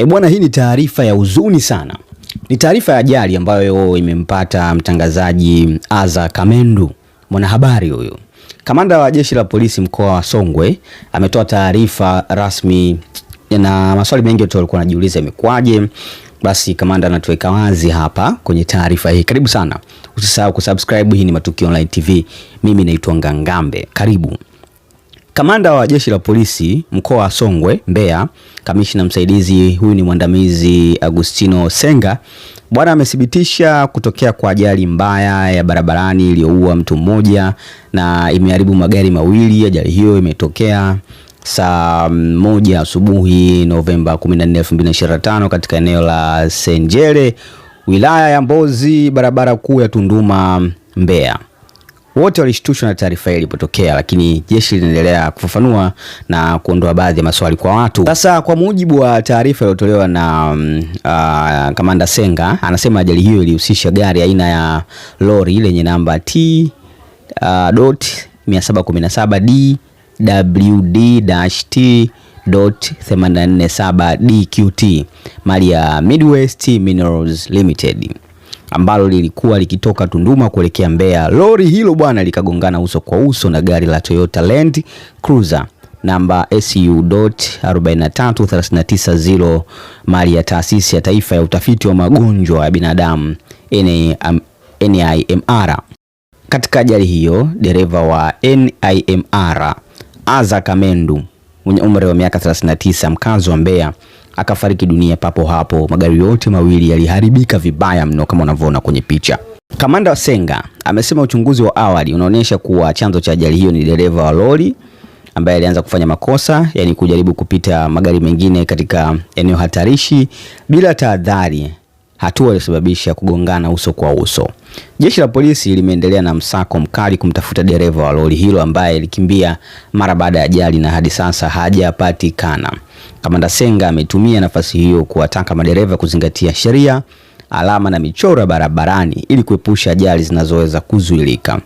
E bwana, hii ni taarifa ya huzuni sana. Ni taarifa ya ajali ambayo imempata mtangazaji Aza Kamendu, mwanahabari huyu. Kamanda wa jeshi la polisi mkoa wa Songwe ametoa taarifa rasmi, na maswali mengi tu walikuwa wanajiuliza imekwaje. Basi kamanda anatuweka wazi hapa kwenye taarifa hii. Karibu sana, usisahau kusubscribe. Hii ni Matukio Online TV, mimi naitwa Ngangambe, karibu. Kamanda wa Jeshi la Polisi mkoa wa Songwe Mbeya, kamishna msaidizi huyu ni mwandamizi Agustino Senga bwana amethibitisha kutokea kwa ajali mbaya ya barabarani iliyoua mtu mmoja na imeharibu magari mawili. Ajali hiyo imetokea saa moja asubuhi Novemba 14, 2025 katika eneo la Senjele wilaya ya Mbozi barabara kuu ya Tunduma Mbeya. Wote walishtushwa na taarifa hii ilipotokea, lakini jeshi linaendelea kufafanua na kuondoa baadhi ya maswali kwa watu. Sasa, kwa mujibu wa taarifa iliyotolewa na uh, Kamanda Senga anasema ajali hiyo ilihusisha gari aina ya lori lenye namba T uh, dot 717 DWD-T 847 DQT mali ya Midwest Minerals Limited ambalo lilikuwa likitoka Tunduma kuelekea Mbeya. Lori hilo bwana likagongana uso kwa uso na gari la Toyota Land Cruiser namba SU 43390 mali ya Taasisi ya Taifa ya Utafiti wa Magonjwa ya Binadamu NIMR. Katika ajali hiyo, dereva wa NIMR Aza Kamendu mwenye umri wa miaka 39 mkazi wa Mbeya akafariki dunia papo hapo. Magari yote mawili yaliharibika vibaya mno kama unavyoona kwenye picha. Kamanda wa Senga amesema uchunguzi wa awali unaonyesha kuwa chanzo cha ajali hiyo ni dereva wa lori ambaye alianza kufanya makosa, yani kujaribu kupita magari mengine katika eneo hatarishi bila tahadhari, hatua iliyosababisha kugongana uso kwa uso. Jeshi la polisi limeendelea na msako mkali kumtafuta dereva wa lori hilo ambaye likimbia mara baada ya ajali na hadi sasa hajapatikana. Kamanda Senga ametumia nafasi hiyo kuwataka madereva kuzingatia sheria, alama na michoro ya barabarani ili kuepusha ajali zinazoweza kuzuilika.